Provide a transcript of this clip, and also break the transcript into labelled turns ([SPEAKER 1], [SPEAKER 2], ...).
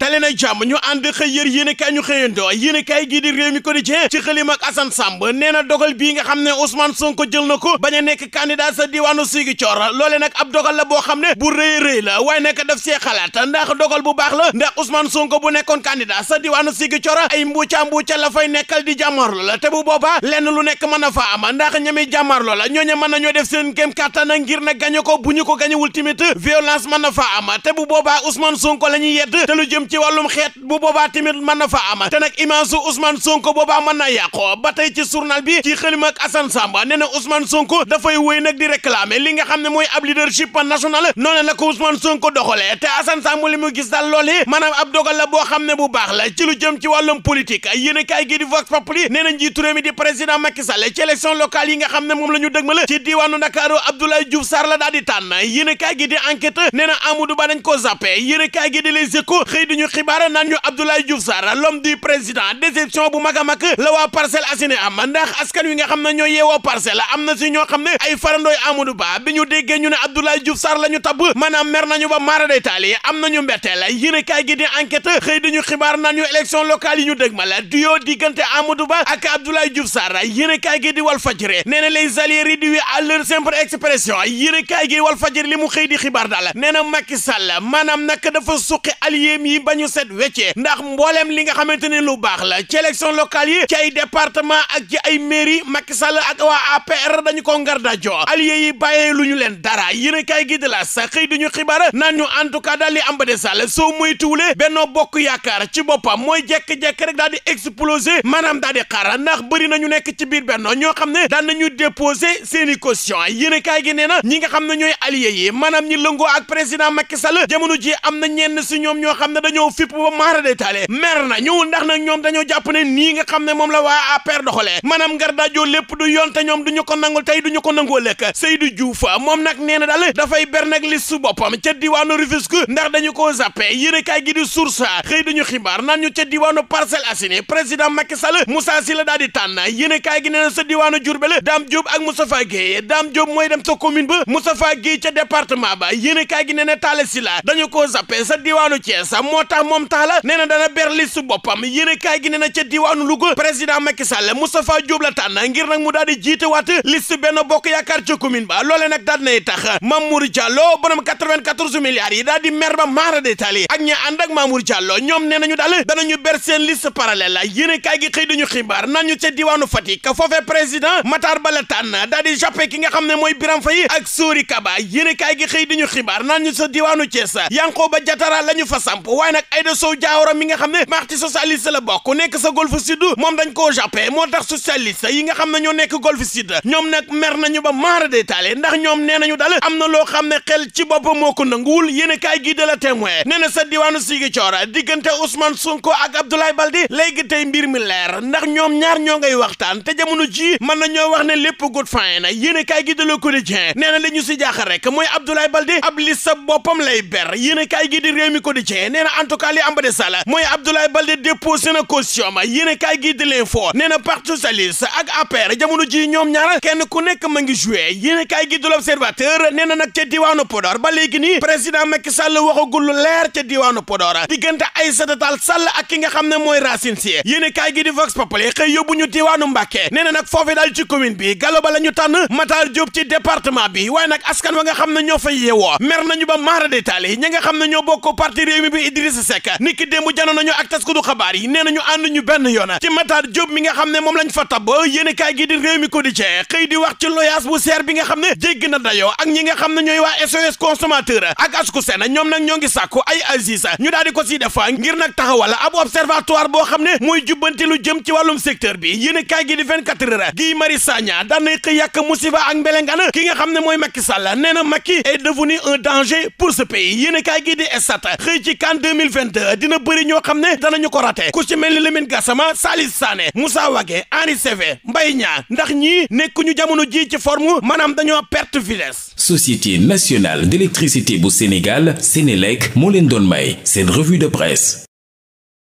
[SPEAKER 1] dale na jàmm ñu ànd xëy yër yéen i kaay ñu xëyandoo yéen i kaay gii di réew mi quotidien ci xëlim ak Assane Samb nee na dogal bii nga xam ne Ousmane Sonko jël na ko bañ a nekk candidat sa diwaanu Ziguinchor loole nag ab dogal la boo xam ne bu rëy rëy la waaye nekk daf see xalaat ndax dogal bu baax la ndax Ousmane Sonko bu nekkoon candidat sa diwaanu Ziguinchor ay mbuuca mbuuca la fay nekkal di jàmmarlo la te bu boobaa lenn lu nekk mën a fa am ndax ñami jàmmarlo la ñooñu mën nañoo def seen kéem kàttan ngir na gañe ko bu ñu ko gañewul timit violence mën na fa am bu boobaa Ousmane Sonko la ñuy yedd te jëm ci wàllum xeet bu boobaa tamit mën na fa am te nag image su Sonko boobaa mën naa a ba tey ci journal bi ci xëlim ak Assane Samba nee na Sonko dafay wéy nag di réclamer li nga xam ne mooy ab leadership national noonu la ko Ousmane Sonko doxalee te Assane Samba li mu gis daal loolee maanaam ab dogal la boo xam ne bu baax la ci lu jëm ci wàllum politique yéen a kaay gi di Vox Populi nee na njiitu réew mi di président Macky Sall xam ne moom la ñu dëgmal ci diwaanu Ndakaaru Abdoulaye Diouf a kaay gi di enquête nee na Amadou Ba a kaay gi ñu xibaar naan ñu Abdoulaye Diouf Sarr l'homme du président déception bu mag a mag la waa Parcelles Assainies am ndax askan wi nga xam ne ñoo yeewoo parcelle am na si ñoo xam ne ay farandooy Amadou Ba bi déggee ñu ne Abdoulaye Diouf Sarr la ñu tabb maanaam mer nañu ba maara day taali am nañu mbetteel yéene kaay gi di enquête xëy dañu xibaar naan ñu élection locale yi ñu dégmal duyoo diggante Amadou Ba ak Abdoulaye Diouf Sarr yéene kaay gi di Walf Fadjri nee na les alliés li mu di xibaar daal nee na Macky Sall maanaam ba ñu set weccee ndax mbooleem li nga xamante ne lu baax la ci élection locale yi ci ay département ak ci ay mairie Macky Sall ak waa APR dañu ko ngar dajo alliés yi bàyyee lu ñu leen dara yéen a kaay gi de la sax xëy duñu xibar naan ñu en tout cas daal li am ba de Sall soo muy tuule Benno Bokk Yaakaar ci boppam mooy jekk-jekk rek daal di exploser maanaam daal di xaar ndax bëri na ñu nekk ci biir Benno ñoo xam ne daan nañu déposer seeni caution yéen a kaay gi nee na ñi nga xam ne ñooy alliés yi maanaam ñi lëngoo ak président Macky Sall jamono ji am na ñenn si ñoom ñoo xam ne dañu dañoo fipp ba maara de taale mer na ndax nag ñoom dañoo jàpp ne nii nga xam ne moom la waa APR doxalee maanaam ngar daajoo lépp du yoon ñoom du ñu ko nangul tey du ñu ko nangoo lekk Seydou Diouf moom nag nee na dafay ber nag liste su boppam ca diwaanu Rufisque ndax dañu koo zappe yéenekaay gi du Source A xëy duñu xibaar naan ñu ca diwaanu Parcelles Assainies président Macky Sall Moussa la daal di tànn yéenekaay gi nee na sa diwaanu Diourbel Dame Diop ak Moustapha Guèye Dame Diop mooy dem sa commune ba Moustapha Guèye ca département ba yéenekaay gi nee na Talla Sylla dañu koo zappe sa diwaanu Thiès moo tax moom taala nee na dana ber liste boppam yéen kaay gi nee na ca diwaanu Louga président Macky Sall Moustapha Diop la ngir nag mu daal di jiitewaat liste benn bokk yaakaar ca commune ba loolee nag daal nay tax Mamour Diallo borom 94 milliards yi daal di mer ba maara détaillé ak ña ànd ak Mamour Diallo ñoom nee nañu daal danañu ber seen liste parallèle la gi xëy dañu ñu xam ne mooy Birame Faye ak gi xëy dañu xibaar naan ñu sa diwaanu Thiès Yankhoba Diattara la ñu fa samp waaye waaye nag Aïda Sow Diawara mi nga xam ne parti socialiste la bokk nekk sa Golf Sud moom dañ koo jàppee moo tax socialiste yi nga xam ne ñoo nekk Golf Sud ñoom nag mer nañu ba maara détaillé ndax ñoom nee nañu dal am na loo xam ne xel ci boppam moo ko nanguwul yéen a kaay gi de la témoin nee na sa diwaanu Ziguinchor diggante Ousmane Sonko ak Abdoulaye Balde léegi tey mbir mi leer ndax ñoom ñaar ñoo ngay waxtaan te jamono ji mën na ñoo wax ne lépp gut na yéen kaay gi de Le Quotidien nee na li ñu si jaaxal rek mooy Abdoulaye Balde ab li sa boppam lay ber yéen a kaay gi di réew mi Quotidien nee na en tout cas li am ba des sala mooy Abdoulaye Baldé déposé na caution ma yéen a kaay gi di l'info nee na parti socialiste ak APR jamono ji ñoom ñaar kenn ku nekk ma ngi joué yéen a kaay di l'observateur nee nag ca diwaanu Podor ba léegi nii président Macky Sall waxagul lu leer ca diwaanu Podor diggante Aïssata Tall Sall ak ki nga xam ne mooy Racine Sy yéen a kaay di Vox Populi xëy yóbbu ñu diwaanu Mbacké nee na nag foofee daal ci commune bi Gallo Ba la ñu tànn Idrissa Seck ni ki démb janoon nañu ak taskatu xabaar yi nee nañu ànd ñu benn yoon ci Matar Diop mi nga xam ne moom lañ fa tabb yéene kaay di réew ko di cee xëy di wax ci loyaas bu seer bi nga xam ne jégg na dayoo ak ñi nga xam ne ñooy waa SOS consommateur ak asku seen ñoom nag ñoo ngi sàkku ay Aziz ñu daal ko si defa ngir nag taxawal ab observatoire boo xam ne mooy jubbanti lu jëm ci wàllum secteur bi yéene kaay di 24 heures Guy Marius Sagna 2022 dina bëri ñoo xam ne danañu ko raté ku ci mel ni Lamine Gassama Salif Sané Moussa Wagué Henri Saivet mbay ñaa ndax ñii nekkuñu jamono ji ci forme maanaam dañoo perte vitesse. Société nationale d'électricité bu Sénégal Sénélec moo leen doon may seen revue de presse.